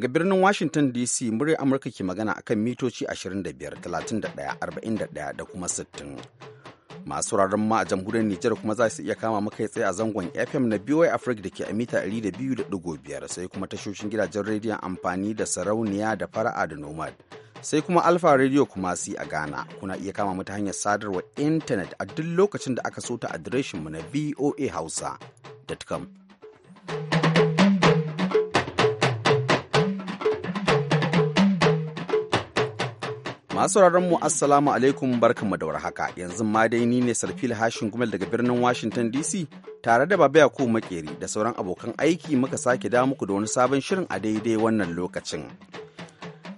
Daga birnin Washington DC muryar Amurka ke magana akan mitoci 25, 31, 41 da kuma 60. Masu wuraren ma a jamhuriyar Nijar kuma za su iya kama maka tsaye a zangon FM na BOA Africa da ke a mita 200.5 sai kuma tashoshin gidajen rediyon amfani da sarauniya da fara'a da nomad. Sai kuma Alfa Radio kuma si a Ghana kuna iya kama mata hanyar sadarwar intanet a duk lokacin da aka so ta adireshinmu na voahausa.com. Masu mu Assalamu alaikum barkanmu da warhaka yanzu ma dai ni ne Sarfil Hashin Gumel daga birnin Washington DC tare da Baba Ko Makeri da sauran abokan aiki muka sake da muku da wani sabon shirin a daidai wannan lokacin.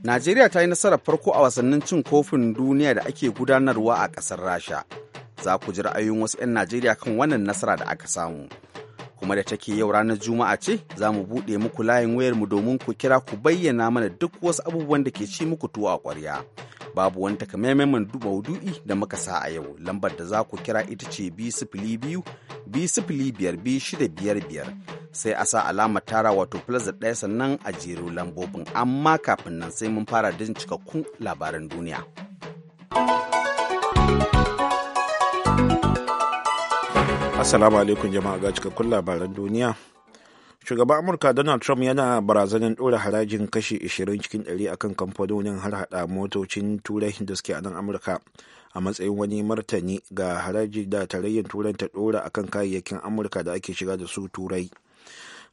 Najeriya ta yi nasarar farko a wasannin cin kofin duniya da ake gudanarwa a ƙasar Rasha. Za ku ji ra'ayoyin wasu 'yan Najeriya kan wannan nasara da aka samu. kuma da take yau ranar juma'a ce za mu buɗe muku layin wayarmu domin ku kira ku bayyana mana duk wasu abubuwan da ke ci muku tuwo a ƙwarya. babu wani takamaiman maudu'i da muka sa a yau lambar da za ku kira ita ce B biyu biyar sai a sa alamar tara wato plus da ɗaya sannan a jero lambobin amma kafin nan sai mun fara da cikakkun labaran duniya. Assalamu alaikum jama'a ga cikakkun labaran duniya shugaban amurka donald trump yana barazanar ɗora harajin kashi 20 cikin 100 akan kamfanonin har hada motocin turai da suke a nan amurka a matsayin wani martani ga haraji da tarayyar turai ta ɗora akan kayayyakin amurka da ake shiga da su turai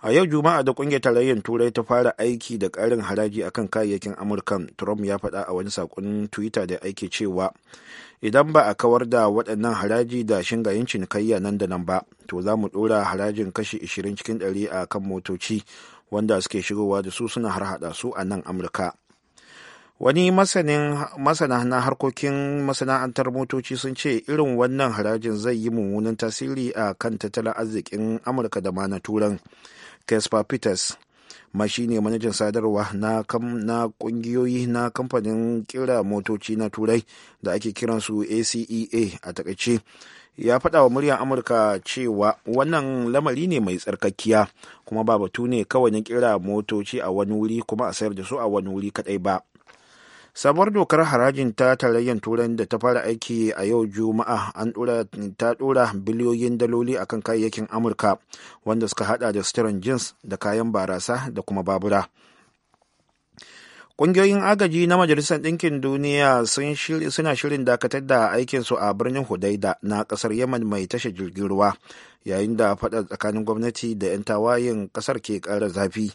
a yau juma'a da kungiyar tarayyar turai ta fara aiki da karin haraji akan kayayyakin amurka trump ya faɗa a wani sakonin twitter da aiki cewa idan ba a kawar da waɗannan haraji da shingayen cinikayya nan da nan ba to za mu ɗora harajin kashi 20 cikin 100 a kan motoci wanda suke shigowa da su suna harhaɗa su a nan amurka wani masana na harkokin masana'antar motoci sun ce irin wannan harajin zai yi mummunan tasiri a kan tattalin arzikin amurka da ma na turan Casper Peters mashi ne manajan sadarwa na ƙungiyoyi kungiyoyi na kamfanin kira motoci na turai da ake kiransu acea e a takaice ya faɗa wa muryar amurka cewa wannan lamari ne mai tsarkakiya kuma ba batu ne kawai na kira motoci a wani wuri kuma a sayar da su a wani wuri kadai ba sabuwar dokar harajin ta tarayyar turai da ta fara aiki a yau juma'a an ta dora biliyoyin daloli akan kayayyakin amurka wanda suka hada da suturan jeans da kayan barasa da kuma babura Ƙungiyoyin agaji na Majalisar Ɗinkin Duniya suna shirin dakatar da aikinsu a birnin Hudaida na ƙasar Yemen mai tashar jirgin ruwa, yayin da faɗa tsakanin gwamnati da 'yan tawayen ƙasar ke ƙara zafi,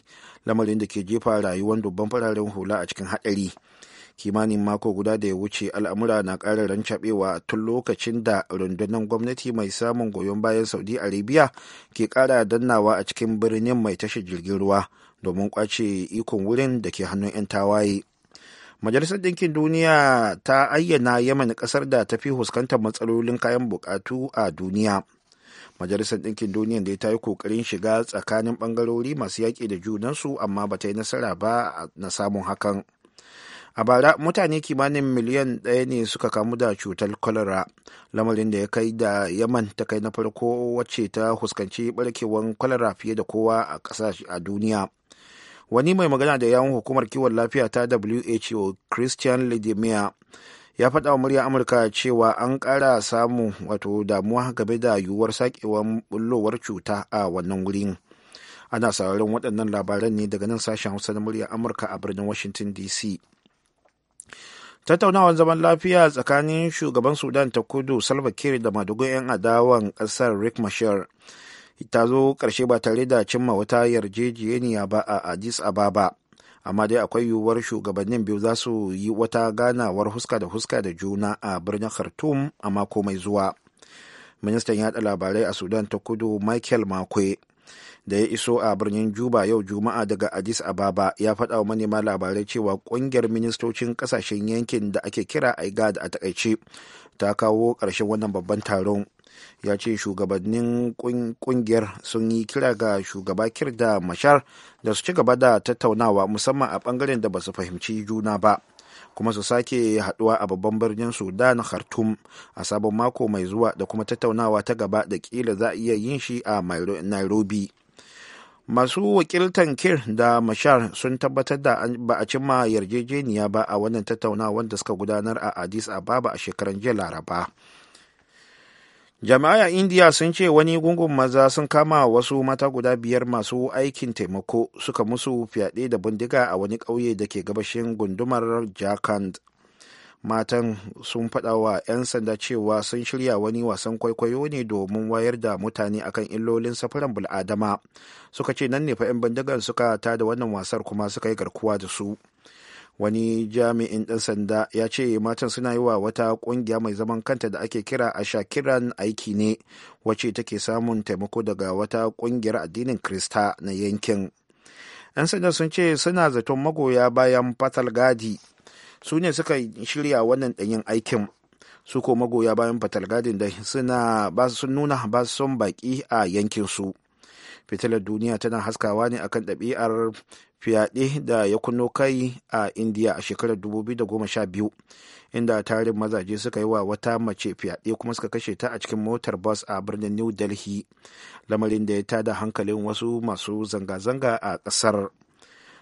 lamarin da ke jefa rayuwar dubban fararen hula a cikin haɗari. kimanin mako guda da ya wuce al'amura na ƙara rancaɓewa tun lokacin da rundunar gwamnati mai samun goyon bayan saudi arabia ke ƙara dannawa a cikin birnin mai tashar jirgin ruwa domin kwace ikon wurin da ke hannun 'yan tawaye majalisar ɗinkin duniya ta ayyana yaman ƙasar da ta fi fuskantar matsalolin kayan buƙatu a duniya majalisar ɗinkin duniya da ta yi ƙoƙarin shiga tsakanin ɓangarori masu yaƙi da junansu amma ba ta yi nasara ba na samun hakan a bara mutane kimanin miliyan ɗaya ne suka kamu da cutar kwalara lamarin da ya kai da yaman ta kai na farko wacce ta huskanci barkewar kwalara fiye da kowa a ƙasashe a duniya wani mai magana da yawon hukumar kiwon lafiya ta who christian lidemia ya faɗa wa murya amurka cewa an ƙara samu wato damuwa game da yiwuwar sakewar bullowar cuta a wannan wurin ana sauraron waɗannan labaran ne daga nan sashen hausa na murya amurka a birnin washington dc tattaunawar zaman lafiya tsakanin shugaban sudan ta kudu salva kiir da madugun 'yan adawan kasar rick mashar ta zo karshe ba tare da cimma wata yarjejeniya ba a addis ababa amma dai akwai yiwuwar shugabannin biyu za su yi wata ganawar huska da huska da juna a birnin khartoum a mako mai zuwa ministan yada labarai a sudan ta kudu michael makwe da ya iso a birnin juba yau juma'a daga addis ababa ya faɗa wa manema labarai cewa ƙungiyar ministocin ƙasashen yankin da ake kira igad a takaice ta kawo ƙarshen wannan babban taron ya ce shugabannin ƙungiyar sun yi kira ga shugaba kirda da mashar da su ci gaba da tattaunawa musamman a ɓangaren da ba su fahimci juna ba kuma su sake haduwa a babban birnin sudan khartoum a sabon mako mai zuwa da kuma tattaunawa ta gaba da kila za a iya yin shi a nairobi masu wakiltan kir da mashar sun tabbatar da ba a cimma yarjejeniya ba a wannan tattaunawar wanda suka gudanar a addis ababa a shekaran jiya laraba a indiya sun ce wani gungun maza sun kama wasu mata guda biyar masu aikin taimako suka musu fyaɗe da bindiga a wani ƙauye da ke gabashin gundumar jakand matan sun faɗa wa 'yan sanda cewa sun shirya wani wasan kwaikwayo ne domin wayar da mutane akan illolin safaran bul'adama suka ce nan ne fa 'yan bindigar suka tada wannan wasar kuma suka yi garkuwa da su wani jami'in ɗan sanda ya ce matan suna yi wa wata ƙungiya mai zaman kanta da ake kira a shakiran aiki ne wacce take samun taimako daga wata ƙungiyar addinin krista na yankin 'yan sanda sun ce suna zaton magoya bayan fatal gadi su ne suka shirya wannan ɗanyen aikin su ko magoya bayan fatalgadin da suna ba sun nuna ba son baki a yankin su fitilar duniya tana haskawa ne akan ɗabi'ar fiyaɗe da ya kuno kai a indiya a shekarar 2012 inda tarin mazaje suka yi wa wata mace fiyaɗe kuma suka kashe ta a cikin motar bus a birnin new delhi lamarin da ya tada hankalin wasu masu zanga-zanga a ƙasar.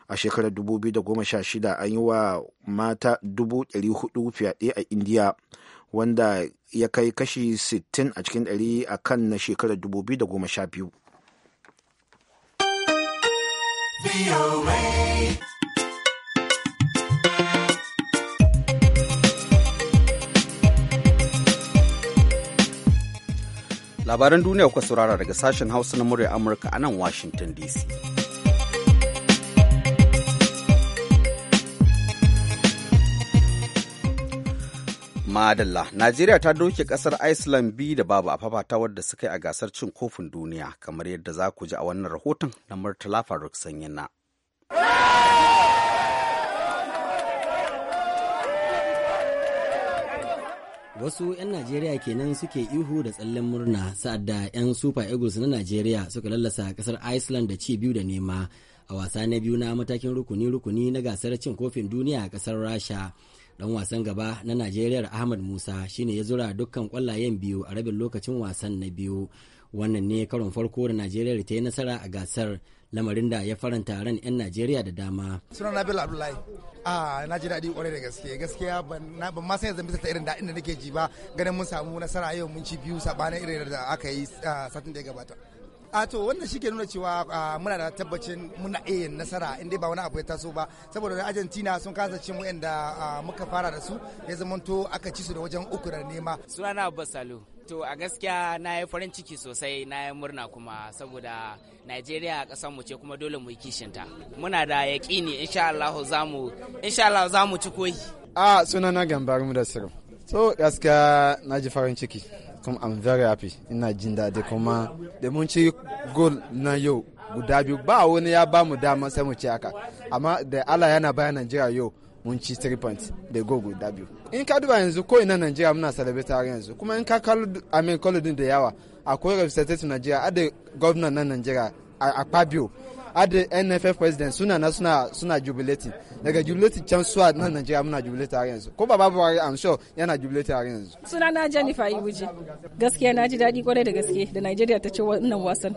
a shekarar 2016 an yi wa mata 400 fyaɗe a indiya wanda ya kai kashi 60 a cikin 100 a kan na shekarar 2012 Labaran duniya kuka saurara daga sashen Hausa na murya Amurka a nan Washington DC. Madalla, Najeriya ta doke kasar Iceland bi da babu a fafata wadda suka yi a gasar cin kofin duniya kamar yadda za ku ji a wannan rahoton na Murtala Faruk Sanyina. Wasu 'yan Najeriya kenan suke ihu da tsallen murna sa'ad da 'yan Super Eagles na Najeriya suka lallasa kasar Iceland da ci biyu da nema a wasa na biyu na matakin rukuni-rukuni na gasar cin kofin duniya a kasar Rasha. dan wasan gaba na najeriya ahmad musa shine ya zura dukkan kwallayen biyu a rabin lokacin wasan na biyu wannan ne karon farko da najeriya ta yi nasara a gasar lamarin da ya faranta ran 'yan najeriya da dama suna na bello abdullahi a ah, na ji daɗi da gaske gaskiya ban ma san yanzu bisa ta irin daɗin da nake ji ba ganin mun samu nasara yau mun ci biyu saɓanin irin da aka yi ah, satin da ya gabata a to wannan shi ke nuna cewa muna da tabbacin muna iya nasara inda ba wani abu ya taso ba saboda argentina sun kasa cin wa'anda muka fara da su ya zama to aka ci su da wajen uku da nema sunana abbas salo to a gaskiya na yi farin ciki sosai na yi murna kuma saboda nigeria a mu ce kuma dole mu yi kishinta muna da yaƙini insha allahu za mu insha allahu za mu ci koyi a sunana gambar mu da siru so gaskiya na ji farin ciki kuma I'm very happy ina jin daɗi kuma da mun ci goal na yau guda biyu ba wani ya ba mu dama sai mu ci haka amma da Allah yana bayan Najeriya yau mun ci 3 points da go guda biyu in ka duba yanzu ko ina Najeriya muna celebrate har yanzu kuma in ka kallo Amin din da yawa akwai representative Najeriya ada governor na Najeriya a Akpabio adda nff president suna na suna suna jubilating daga jubilating can suwa nan nigeria muna jubilating har yanzu ko baba buhari i'm sure yana jubilating har yanzu suna na jennifer iwuji gaskiya na ji daɗi kwarai da gaske da nigeria ta ci wannan wasan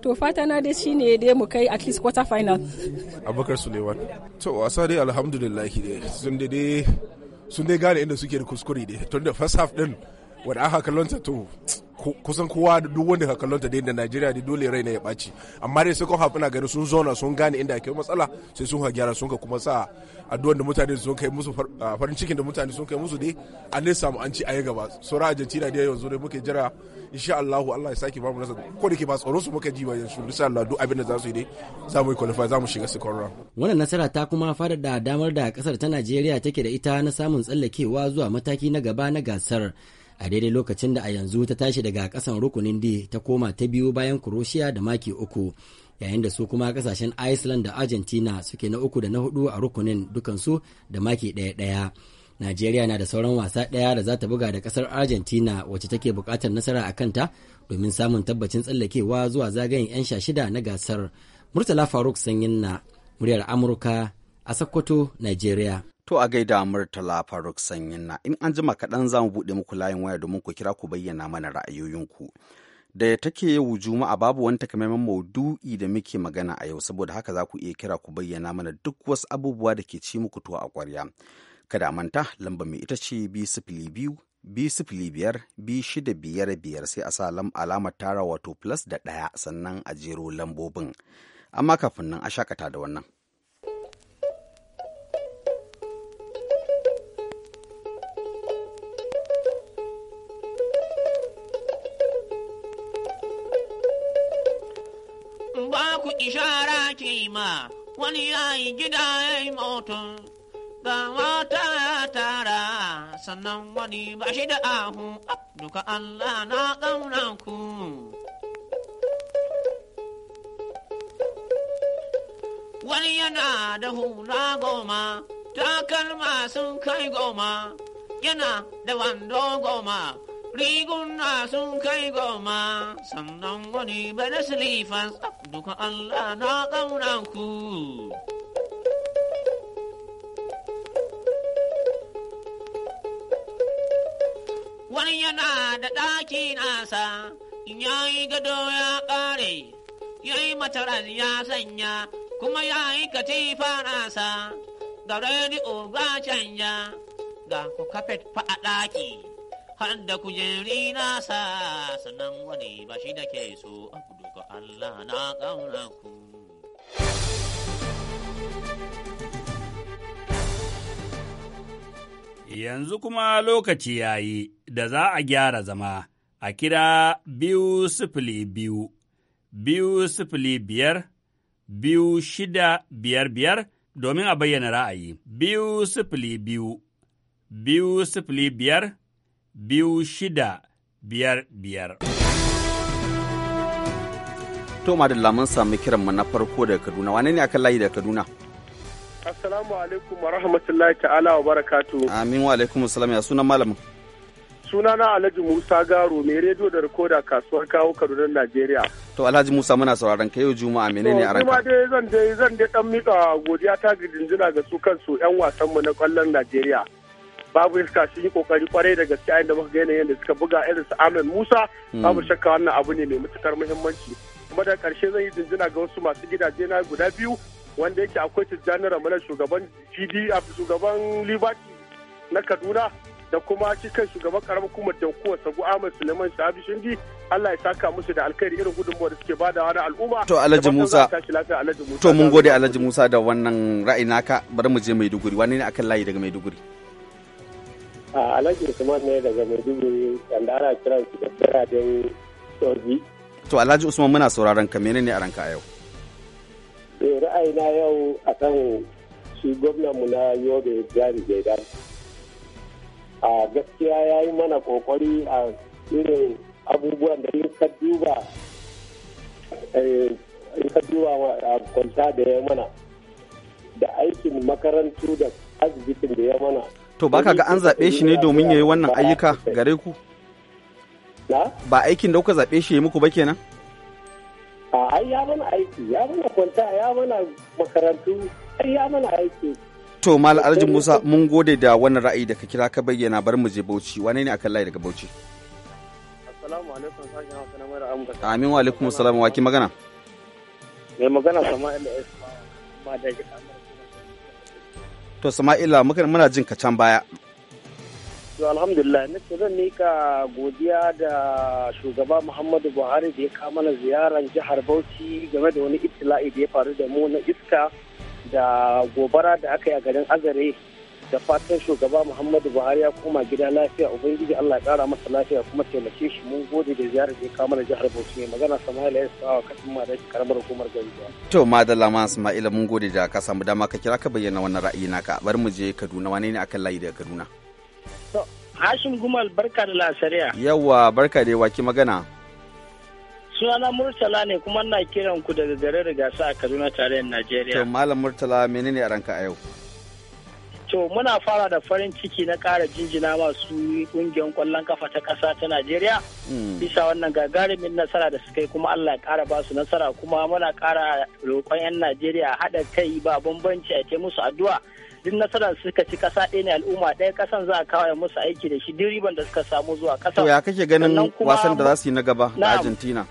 to fata na dai shine dai mu kai at least quarter final abubakar suleiman to wasa dai alhamdulillah dai sun dai sun dai gane inda suke da kuskure dai tun da first half din wanda aka kallon ta to kusan kowa duk wanda ka kallon ta da Najeriya da dole raina ya ɓaci amma dai sai kun hafi na gari sun zauna sun gane inda ake matsala sai sun gyara sun ka kuma sa addu'an da mutane sun kai musu farin cikin da mutane sun kai musu dai an ne samu an ci a gaba sauran Argentina dai yanzu dai muke jira insha Allah Allah ya saki bamu nasa ko da ke ba tsaro su muka ji ba yanzu insha Allah duk abin da za su yi dai za mu yi qualify za mu shiga second round wannan nasara ta kuma fara da damar da kasar ta Najeriya take da ita na samun tsallakewa zuwa mataki na gaba na gasar a daidai lokacin da a yanzu ta tashi daga kasan rukunin D ta koma ta biyu bayan Croatia da maki uku yayin da su kuma kasashen Iceland da Argentina suke na uku da na hudu a rukunin dukansu da maki ɗaya ɗaya. Najeriya na da sauran wasa ɗaya da za ta buga da ƙasar Argentina wacce take buƙatar nasara a kanta domin samun tabbacin tsallakewa zuwa zagayen 'yan sha shida na gasar. Murtala Faruk Sanyin na muryar Amurka a Sokoto, Najeriya. To a gaida Murtala Faruk na in an jima kaɗan za mu buɗe muku layin waya domin ku kira ku bayyana mana ra'ayoyinku. Da ya take yau Juma'a babu wani takamaiman maudu'i da muke magana a yau saboda haka za ku iya kira ku bayyana mana duk wasu abubuwa da ke ci muku tuwa a ƙwarya. Kada manta lamba mai ita ce bi sifili biyu bi sifili biyar bi shida biyar biyar sai a sa alamar tara wato plus da ɗaya sannan a jero lambobin. Amma kafin nan a shakata da wannan. ishara ke ma wani yayi gida ya yi mutum ga mata ya tara sannan wani ba shi da ahu duka Allah na ƙauna ku. Wani yana da hula goma, takalma sun kai goma, yana da wando goma. riguna sun kai goma sannan wani bane silifan duka Allah na ƙaunan ku. Wani yana da ɗaki nasa, ya yi gado ya ƙare, ya yi mataras ya sanya, kuma ya yi katifa nasa, ga rediyo ba canja, ga ku kafet fa a ɗaki. hadda kujeri na sa sannan wani ba shi da ke so a duka Allah na ƙauna ku. Yanzu kuma lokaci ya yi da za a gyara zama a kira biyu sifili biyu, biyu sifili biyar, biyu shida biyar biyar domin a bayyana ra'ayi, biyu sifili biyu, biyu sifili biyar, biyu shida biyar biyar. To Madalla mun sami kiranmu na farko da Kaduna, wane ne akan layi da Kaduna? Assalamu alaikum wa rahmatullahi ta'ala wa barakatu. Amin wa alaikum salam ya sunan malamin. Sunana Alhaji Musa Garo mai rediyo da rikoda kasuwar kawo Kaduna Najeriya. To Alhaji Musa muna sauraron ka yau Juma'a menene a ranka? Juma'a dai zan dai zan dai dan mika godiya ta ga jinjina ga su kansu yan wasanmu na kwallon Najeriya. babu iska sun yi kokari kwarai da gaske a inda muka ga yanayin da suka buga irin su Amin Musa hmm. babu shakka wannan abu ne mai matukar muhimmanci kuma da karshe zan yi jinjina ga wasu masu gidaje na guda biyu wanda yake akwai Tijjani Ramana shugaban GD shugaban Liberty na Kaduna da kuma shi kan shugaban karamar hukumar Dankuwa Sagu Ahmed Suleiman Shahabi Shindi Allah ya saka musu da alkhairi irin gudunmawar da suke badawa na al'umma. To Alhaji Musa. To mun gode Alhaji Musa da wannan ra'ayi naka bari mu je Maiduguri wani ne akan layi daga Maiduguri. a alhaji usman ne daga maiduguri wanda ana kiran shi da biraden soji to alhaji usman muna sauraron ka menene a ranka yau yau eh, ra'ayi na yau a kan shi gwamnan mu na yobe jari jaidan a gaskiya ya yi mana kokari a irin abubuwan da yin ka in ka duba eh, kwanta da ya mana da aikin makarantu da asibitin da ya mana To ba ka ga an zaɓe shi ne domin ya yi wannan ayyuka gare ku? Ba aikin da kuka zaɓe shi ya muku ba kenan? A ai ya mana aiki, ya mana kwanta, ya mana makarantu, ai ya mana aiki. To Mal Alhaji Musa mun gode da wannan ra'ayi da ka kira ka bayyana bar mu je Bauchi. Wane ne akan layi daga Bauchi? Assalamu alaikum sashen Hausa na Mara Amurka. Amin wa alaikum assalam wa ki magana? Mai magana Sama'il Isma da To Sama'ila muna jin ka can baya. To alhamdulillah ni ce zan mika godiya da shugaba Muhammadu Buhari da ya kama mana ziyarar jihar Bauchi game da wani itila'i da ya faru da mu na iska da gobara da aka yi a garin Azare da fatan shugaba muhammadu buhari ya koma gida lafiya ubangiji allah ya kara masa lafiya kuma taimake shi mun gode da ziyarar da ya kawo mana jihar bauchi ne magana sama'ila ya sawa kasin ma da karamar hukumar gari to madalla ma sama'ila mun gode da ka samu dama ka kira ka bayyana wannan ra'ayi naka bari mu je kaduna wane ne akan layi daga kaduna hashim gumal barka da lasariya yawa barka da waki magana sunana murtala ne kuma na kiran ku daga garin rigasa a kaduna tarayyar najeriya to malam murtala menene a ranka a yau To muna fara da farin ciki na kara jinjina masu ƙungiyar kwallon kafa ta kasa ta Najeriya. Hmm. Bisa wannan gagarumin nasara da suka yi kuma Allah ƙara ba su nasara kuma muna kara roƙon 'yan Najeriya haɗa kai ba bambanci a ke musu addu'a. Duk nasara suka ci kasa ɗaya ne al'umma ɗaya kasan za a kawo musu aiki da shi duk riban da suka samu zuwa ƙasa. To ya kake ganin wasan da za su yi na gaba na Argentina?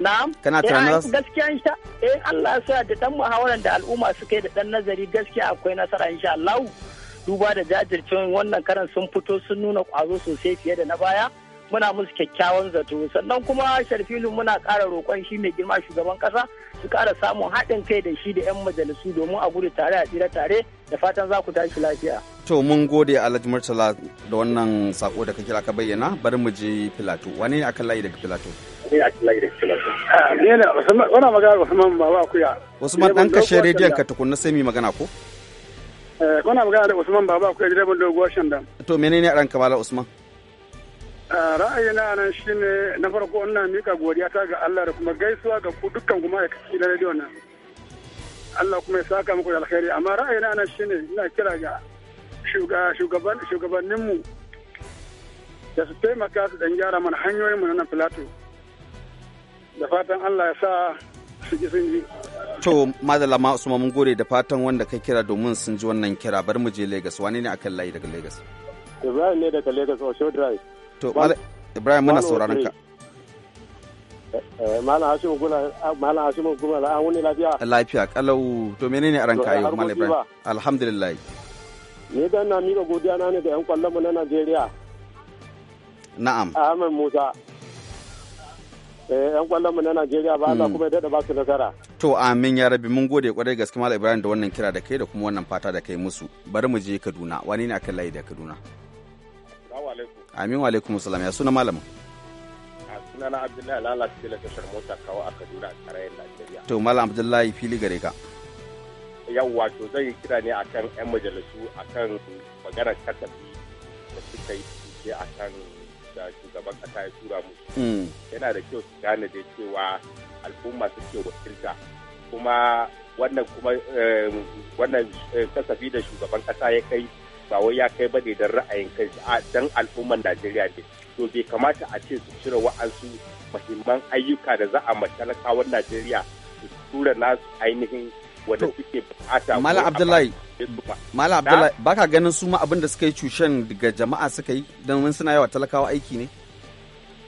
Na'am. Kana tunanin eh, Gaskiya insha eh Allah ya sa da dan muhawarar da al'umma suka yi da dan nazari gaskiya akwai nasara insha Allah. Duba da jajircin wannan karan sun fito sun nuna kwazo sosai fiye da na baya. Muna musu kyakkyawan zato sannan kuma sharfilu muna kara roƙon shi mai girma shugaban kasa su kara samun haɗin kai da shi da 'yan majalisu domin a gudu tare a tsira tare da fatan za ku tashi lafiya. To mun gode Alhaji Murtala da wannan sako da kake ka bayyana bari mu je Filato wane ne akan layi daga Filato? ni a kila gidan ah, kila ne ne wannan magana Usman baba akuya Usman dan kashe rediyon ka tukunna sai mi magana ko eh wannan magana da Usman baba akuya direban doguwar shandan to menene ranka mala Usman ah, ra'ayina nan shine na farko ina mika godiya ta ga Allah da kuma gaisuwa ga ku dukkan kuma ya kaci na rediyo nan Allah kuma ya saka muku da alkhairi amma ra'ayina nan shine ina kira ga shugabanninmu da su taimaka su dan gyara mana mu na nan filato da fatan Allah ya sa su ji sun ji to madalla ma mun gode da fatan wanda ka kira domin sun ji wannan kira bari mu je Lagos wani ne akan layi daga Lagos Ibrahim ne daga Lagos Osho Drive to Ibrahim muna sauraron ka eh, eh, Malam Hashimu Gula, ah, Malam Hashimu Gula, an wuni lafiya? Lafiya, kalau to menene aran kayo, Malam Ibrahim? Alhamdulillah. Ni dan na miƙa godiya na ne ga 'yan kwallon mu na Najeriya. Na'am. Ahmed Musa. Eh, 'yan kwallon mu na Najeriya ba Allah mm. kuma ya daɗa ba su nasara. To amin ya rabi mun gode kwarai gaske Malam Ibrahim da wannan kira da kai da kuma wannan fata da kai musu. Bari mu je Kaduna. Wani ne akan layi da Kaduna? Amin wa alaikum salam ya suna malamin. Sunana Abdullahi Lala Sila tashar mota kawo a Kaduna a tarayyar Najeriya. To Malam Abdullahi fili gare ka. Yawwa to zai kira ne akan 'yan majalisu akan maganar takardu da suka yi a akan da shugaban kasa ya tura musu hmm. yana da kyau su gane da cewa al'umma suke wakilta kuma wannan kuma eh, wannan eh, kasafi da shugaban kasa ya kai ba wai ya kai bane don ra'ayin kai don al'umman Najeriya ne to bai kamata a ce su cire wa'ansu muhimman ayyuka da za a matalakawan Najeriya su tura nasu ainihin wanda suke bukata Mala Abdullahi taimake Malam Abdullahi ba ka ganin su ma abin da suka yi cushen daga jama'a suka yi don suna yawa talakawa aiki ne?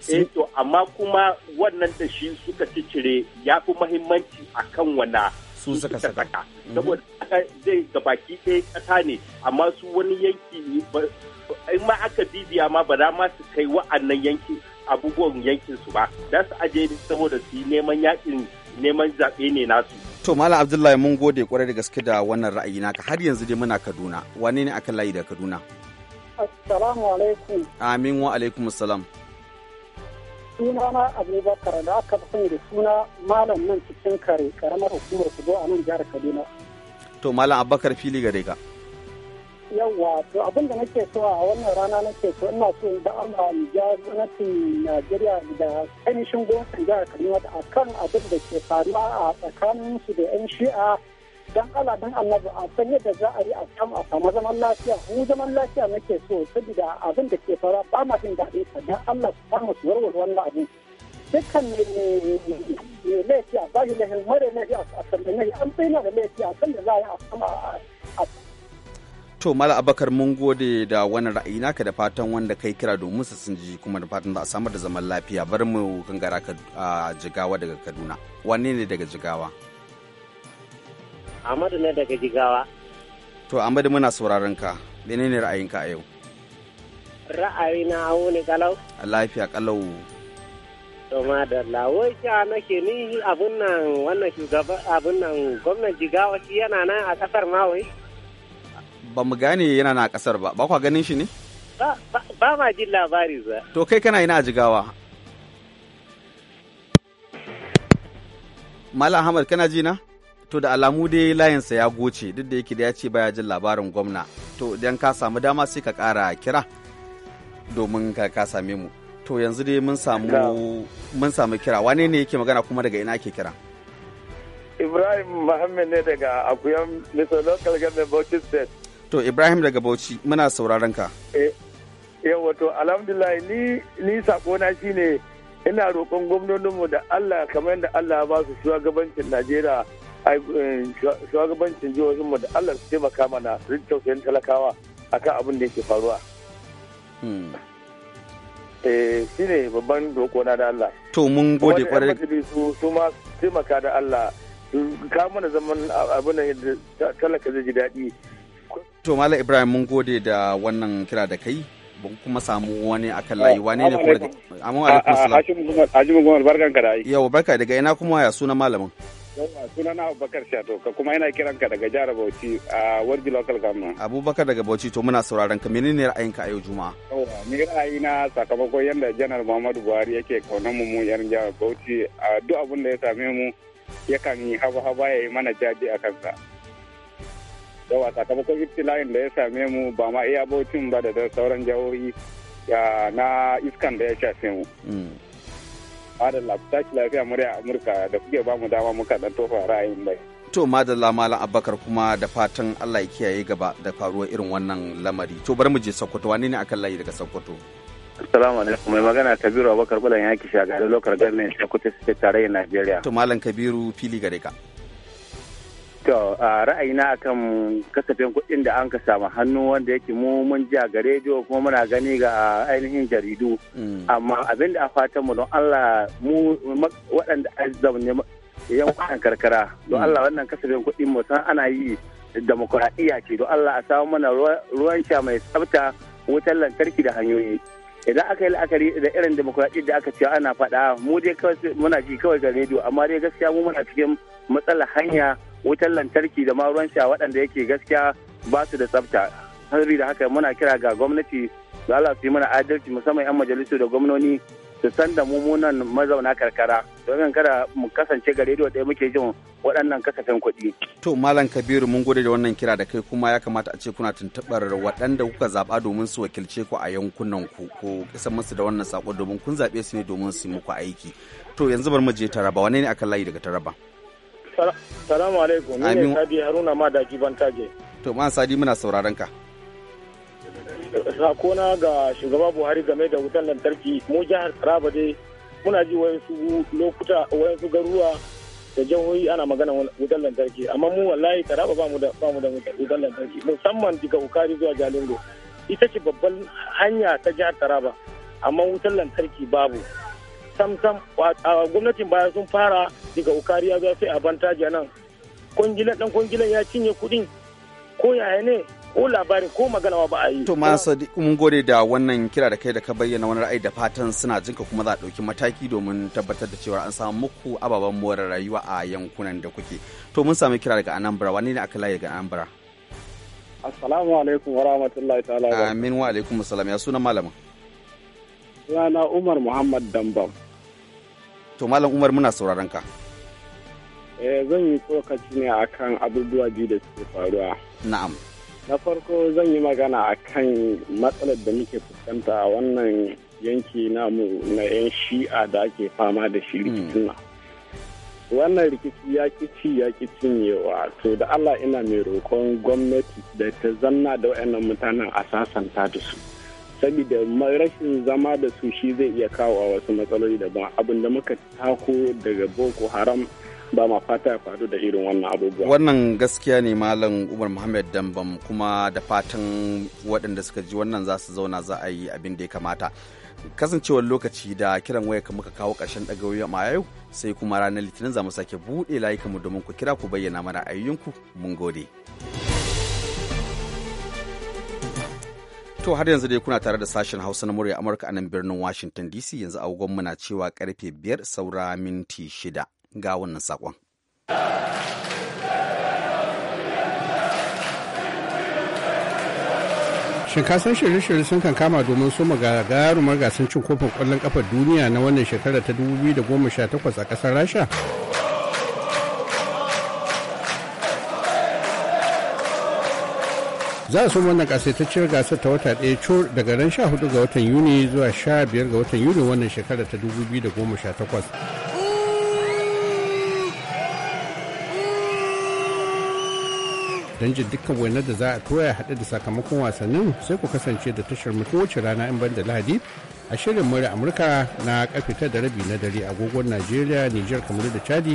Eh to amma kuma wannan da shi suka cire-cire ya fi mahimmanci a kan wana su suka saka. Mhm. Saboda zai gabaki ɗaya ƙasa ne amma su wani yanki in ma aka bibiya ma ba za ma su kai wa'annan yankin abubuwan yankin su ba. Za su aje saboda su yi neman yaƙin neman zaɓe ne nasu. To Malam Abdullahi mun gode kwarai da gaske da wannan ra'ayi naka har yanzu dai muna Kaduna. Wane ne aka layi da Kaduna? Assalamu alaikum. Amin wa alaikum assalam. Sunana Abubakar da aka fi da suna Malam nan cikin kare karamar hukumar zo a nan jihar Kaduna. To Malam Abubakar fili ga daga yawa to abin da nake so a wannan rana nake so ina so da Allah ya gwamnatin Najeriya da ainihin gwamnatin jihar Kaduna da akan abin da ke faruwa a tsakanin su da yan shi'a dan Allah dan Allah a san yadda za a yi a samu a samu zaman lafiya mu zaman lafiya nake so saboda abin da ke faruwa ba ma jin daɗi dan Allah su samu su warware wannan abin dukkan mai laifi ba bashi laifin mara laifi a san da an bayyana da laifi a san da za a yi a samu To Mala Abakar mun gode da wani ra'ayi naka da fatan wanda kai kira domin su sun ji kuma da fatan za a samar da zaman lafiya bar mu gangara a jigawa daga Kaduna. Wanne ne daga jigawa? Ahmadu ne daga jigawa. To Ahmadu muna sauraron ka. Mene ne ra'ayinka a yau? Ra'ayi na hau ne kalau. Lafiya kalau. To da wai sha nake ni abun nan wannan shugaba abun nan gwamnan jigawa shi yana nan a kasar ma wai. ba mu gane yana na kasar ba ba kwa ganin shi ne ba ma jin labari za to kai kana ina jigawa Mala Ahmad kana ji na? To da alamu dai layinsa ya goce duk da yake da ya ce baya jin labarin gwamna. To idan ka samu dama sai ka ƙara kira domin ka ka same mu. To yanzu dai mun samu mun samu kira. Wane ne yake magana kuma daga ina ake kira? Ibrahim Muhammad ne daga Akuyam Mr. Local Government Bauchi State. To Ibrahim daga Bauchi muna sauraron ka. Eh wato alhamdulillah ni ni na shine ina roƙon gwamnoninmu da Allah kamar yadda Allah ba su shugabancin Najeriya eh, shugabancin mu da Allah su taimaka mana su tausayin talakawa akan abin da yake faruwa. Hmm. eh shi ne babban na da Allah. To mun gode kwarai. Wani su su ma taimaka da Allah. Ka mana zaman abin da talaka zai ji daɗi. To Malam Ibrahim mun gode da wannan kira da kai ban kuma samu wani akan layi ah, wane ne kuma daga Amin alaikum ah, ah, salam. Hajimu Gumar barkan ka da aiki. Yau barka daga ina kuma ya suna malamin. Suna na Abubakar Shato ka kuma ina kiran ka daga jihar Bauchi a Warji Local Government. Abubakar daga Bauchi to muna sauraron ka menene ka a yau Juma'a? Ni ra'ayi na sakamakon yadda Janar Muhammadu Buhari yake kaunar mu mu yan jihar Bauchi duk abin da ya same mu yakan yi haba-haba ya yi mana jaji a kansa. yawa sakamakon iftila'in da ya same mu ba ma iya bautin ba da sauran jihohi na iskan da ya shafe mu. Mm. madalla ku tashi lafiya murya Amurka da kuke ba mu dama muka dan tofa ra'ayin bai. To madalla malam Abubakar kuma da fatan Allah ya kiyaye gaba da faruwar irin wannan lamari. To bari mu je Sokoto wani ne akan layi daga Sokoto? Assalamu alaikum mai magana Kabiru Abubakar Bulan yaki shagari lokar garnin Sokoto State tarayyar Najeriya. To malam Kabiru fili gare ka. To ra'ayina akan kasafin kuɗin da an ka samu hannu wanda yake mu mun ji ga rediyo kuma muna gani ga ainihin jaridu. Mm. Amma abin da a fatan mu don Allah mu waɗanda zaune kwanan karkara don mm. Allah wannan kasafin kuɗin mu san ana yi demokuraɗiyya ce don Allah a samu mana ruwan sha mai tsafta wutar lantarki da hanyoyi. idan aka yi la'akari da irin demokuraɗiyya da aka ce ana faɗa mu dai kawai muna ji kawai ga rediyo amma dai gaskiya mu muna cikin matsalar hanya wutar lantarki da ma ruwan sha waɗanda yake gaskiya ba su da tsafta hari da haka muna kira ga gwamnati da Allah su yi mana adalci musamman 'yan majalisu da gwamnoni su san da mummunan mazauna karkara domin kada mu kasance ga rediyo ɗaya muke jin waɗannan kasafin kuɗi. To Malam Kabiru mun gode da wannan kira da kai kuma ya kamata a ce kuna tuntuɓar waɗanda kuka zaɓa domin su wakilce ku a yankunan ku ko kisan musu da wannan sako domin kun zaɓe su ne domin su yi muku aiki. To yanzu bar mu je Taraba wane ne aka layi daga Taraba? Salamu alaikum. Ni ne Sadi Haruna Madaki Bantaje. To ma Sadi muna sauraron ka. Sakona ga shugaba Buhari game da wutan lantarki mu jihar Taraba dai muna ji wayansu lokuta wayansu garuwa da jihohi ana magana wutan lantarki amma mu wallahi Taraba ba mu da ba mu da wutan lantarki musamman diga Ukari zuwa Jalingo ita ce babban hanya ta jihar Taraba amma wutan lantarki babu. sam sam a gwamnatin baya sun fara daga ukariya zuwa sai a bantaja nan kungilan dan kungilan ya cinye kudin ko yaya ne ko labarin ko magana ba a yi. To sadi mun gode da wannan kira da kai da ka bayyana wani ra'ayi da fatan suna jinka kuma za a dauki mataki domin tabbatar da cewa an samu muku ababen more rayuwa a yankunan da kuke. To mun sami kira daga Anambra wani ne aka laye daga Anambra? Assalamu alaikum wa rahmatullahi ta'ala. Amin wa alaikum assalam ya sunan malama. Sunana Umar Muhammad Dambam. To Malam Umar muna sauraron ka. Eh, zan yi tsokaci ne akan abubuwa biyu da suke faruwa. Na'am. Na farko zan yi magana akan matsalar da muke fuskanta a wannan yanki namu na 'yan shi'a da ake fama da shi hmm. rikicin nan. Wannan rikici ya ci ya ki wa. to da Allah ina mai roƙon gwamnati da ta zanna da wayannan mutanen a sasanta da su. saboda rashin zama da su shi zai iya kawo a wasu matsaloli daban abin da muka tako daga boko haram ba ma fata faru da irin wannan abubuwa wannan gaskiya ne malam umar muhammad dambam kuma da fatan waɗanda suka ji wannan za su zauna za a yi abin da ya kamata kasancewar lokaci da kiran waya ka muka kawo ƙarshen ɗagayoyi a yau sai kuma ranar litinin za mu sake buɗe layukanmu domin ku kira ku bayyana mana ayyukanku mun gode. To har yanzu dai kuna tare da sashen Hausa na murya Amurka a nan birnin Washington DC yanzu agogon muna cewa karfe biyar saura minti shida ga wannan sakon. Shin ka shirye-shirye sun kan kama domin su gagarumar gasar cin kofin kwallon kafar duniya na wannan shekara ta 2018 a ƙasar Rasha? za su wannan kasaitacciyar gasar ta wata ɗaya cur daga ran 14 ga watan yuni zuwa 15 ga watan yuni wannan shekara ta 2018 don jin dukkan wainar da za a toya haɗe da sakamakon wasannin sai ku kasance da tashar mu kowace rana in ban da lahadi a shirin mura amurka na karfe da rabi na dare agogon najeriya nijar kamar da chadi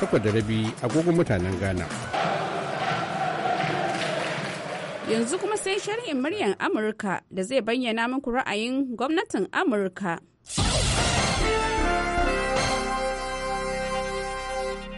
takwas da rabi agogon mutanen ghana Yanzu kuma sai shari'in muryar Amurka da zai bayyana muku ra'ayin gwamnatin Amurka.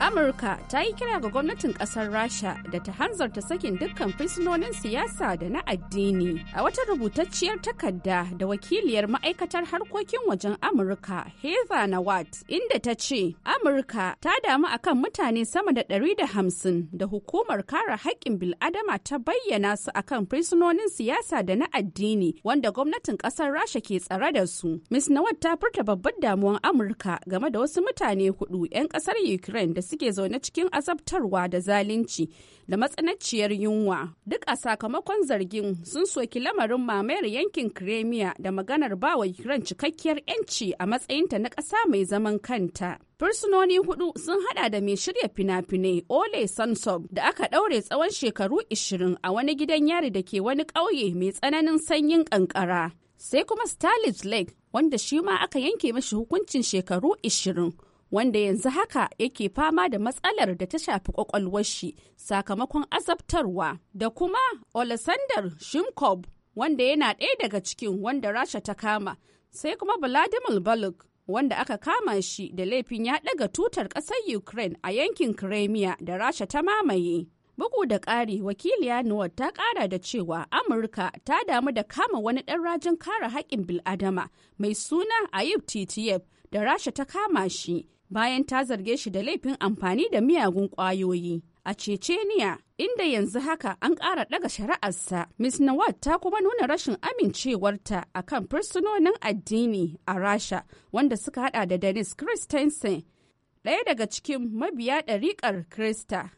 amurka ta yi kira ga gwamnatin kasar rasha da ta hanzarta sakin dukkan fursunonin siyasa da na addini a wata rubutacciyar takarda da wakiliyar ma'aikatar harkokin wajen amurka heather nawat inda ta ce amurka ta damu akan mutane sama da ɗari da hamsin da hukumar kare haƙƙin bil'adama ta bayyana su akan fursunonin siyasa da na addini wanda gwamnatin kasar rasha ke tsare da su ms nawat ta furta babbar damuwan amurka game da wasu mutane hudu 'yan ƙasar ukraine da suke zaune cikin azabtarwa da zalunci da matsananciyar yunwa duk a sakamakon zargin sun soki lamarin mamayar yankin Kremia da maganar bawa Ukraine cikakkiyar 'yanci a matsayinta na ƙasa mai zaman kanta. Fursunoni hudu sun hada da mai shirya fina-finai Ole Sansov da aka daure tsawon shekaru 20 a wani gidan yari da ke wani ƙauye mai tsananin sanyin ƙanƙara. Sai kuma Stalin Lake wanda shi ma aka yanke mashi hukuncin shekaru 20 wanda yanzu haka yake fama da matsalar da ta shafi kwakwalwar shi sakamakon azabtarwa da kuma Olesander Shimkov wanda yana ɗaya daga cikin wanda Rasha ta kama sai kuma Vladimir Baluk wanda aka kama shi da laifin ya ɗaga tutar ƙasar Ukraine a yankin Crimea da Rasha ta mamaye. Bugu da ƙari, wakiliya Nuwar ta ƙara da cewa Amurka ta damu da kama wani ɗan rajin kare haƙƙin bil'adama mai suna Ayub TTF da Rasha ta kama shi bayan ta zarge shi da laifin amfani da miyagun ƙwayoyi. a Chechenia inda yanzu haka an ƙara ɗaga shari'arsa. Ms. Nawad ta kuma nuna rashin amincewarta a kan fursunonin addini a Rasha wanda suka hada da Dennis Christensen, ɗaya daga cikin mabiya ɗariƙar Krista.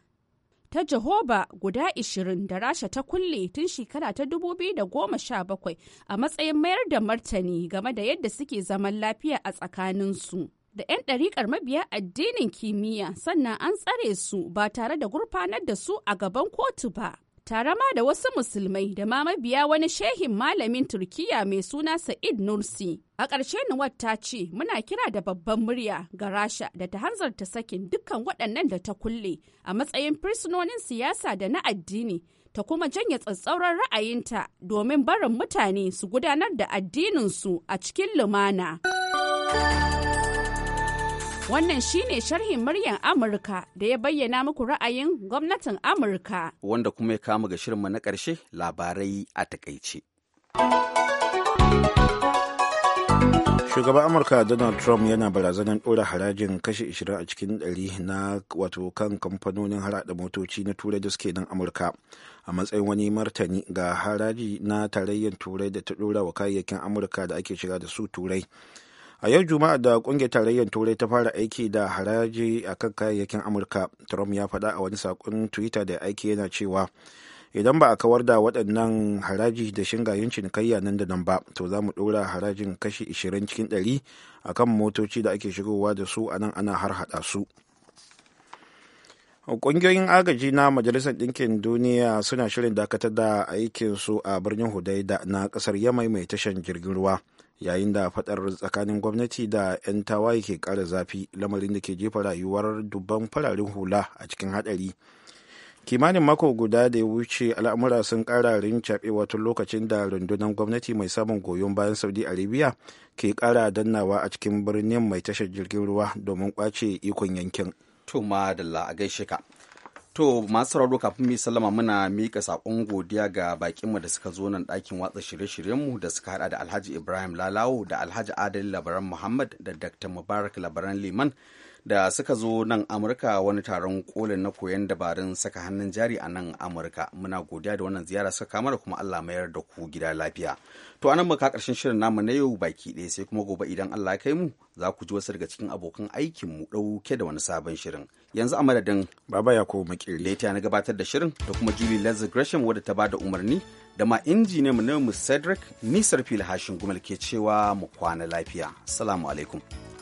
Ta Jehova guda 20 da Rasha ta kulle tun shekara ta 2017 a matsayin mayar da martani game da yadda suke zaman lafiya a tsakaninsu. da 'yan ɗariƙar mabiya addinin kimiyya sannan an tsare su ba tare da gurfanar da su a gaban kotu ba. Tare ma da wasu musulmai da ma mabiya wani shehin malamin Turkiyya mai suna Sa'id Nursi. A ƙarshe Nuwat ta ce muna kira da babban murya ga Rasha da ta hanzarta sakin dukkan waɗannan da ta kulle a matsayin fursunonin siyasa da na addini ta kuma janye tsatsauran ra'ayinta domin barin mutane su gudanar da addininsu a cikin lumana. Wannan shine sharhin muryan Amurka da ya bayyana muku ra'ayin gwamnatin Amurka. Wanda kuma ya kama ga shirinmu na ƙarshe labarai a takaice. Shugaban Amurka Donald Trump yana barazanar ɗora harajin kashe 20 a cikin 100 na wato kan kamfanonin harada motoci na Turai da suke nan Amurka a matsayin wani martani ga haraji na tarayyar Turai da ta ɗora wa kayayyakin Amurka da ake shiga da su Turai. a yau juma'a da kungiyar tarayyar turai ta fara aiki da haraji a kan kayayyakin amurka trump ya faɗa a wani saƙon twitter da aiki yana cewa idan ba a kawar da waɗannan haraji da shingayen cinikayya nan da nan ba to za mu ɗora harajin kashi 20 cikin 100 a kan motoci da ake shigowa da su a nan ana harhaɗa su ƙungiyoyin agaji na majalisar ɗinkin duniya suna shirin dakatar da aikinsu a birnin hudaida na ƙasar yamai mai tashan jirgin ruwa yayin da fadar tsakanin gwamnati da 'yan tawaye ke kara zafi lamarin da ke jefa rayuwar dubban fararen hula a cikin hadari kimanin mako guda da ya wuce al'amura sun kara rincaɓe wato lokacin da rundunar gwamnati mai samun goyon bayan saudi arabia ke kara dannawa a cikin birnin mai tashar jirgin ruwa domin kwace ikon yankin To masu sauraro kafin mu sallama muna miƙa saƙon godiya ga bakinmu da suka zo nan ɗakin watsa shirye-shiryenmu da suka haɗa da Alhaji Ibrahim Lalawo da Alhaji Adali Labaran Muhammad da Dr. Mubarak Labaran Liman da suka zo nan amurka wani taron kolin na koyon dabarun saka hannun jari a nan amurka muna godiya da wannan ziyara suka kama da kuma allah mayar da ku gida lafiya to anan muka karshen shirin namu na yau baki ɗaya sai kuma gobe idan allah ya kai mu za ku ji wasu daga cikin abokan aikin mu ɗauke da wani sabon shirin yanzu a madadin baba yakubu makeri da na gabatar da shirin da kuma julie lazar gresham wadda ta ba da umarni da ma injiniya mu na mu cedric nisar fili hashin gumal ke cewa mu kwana lafiya assalamu alaikum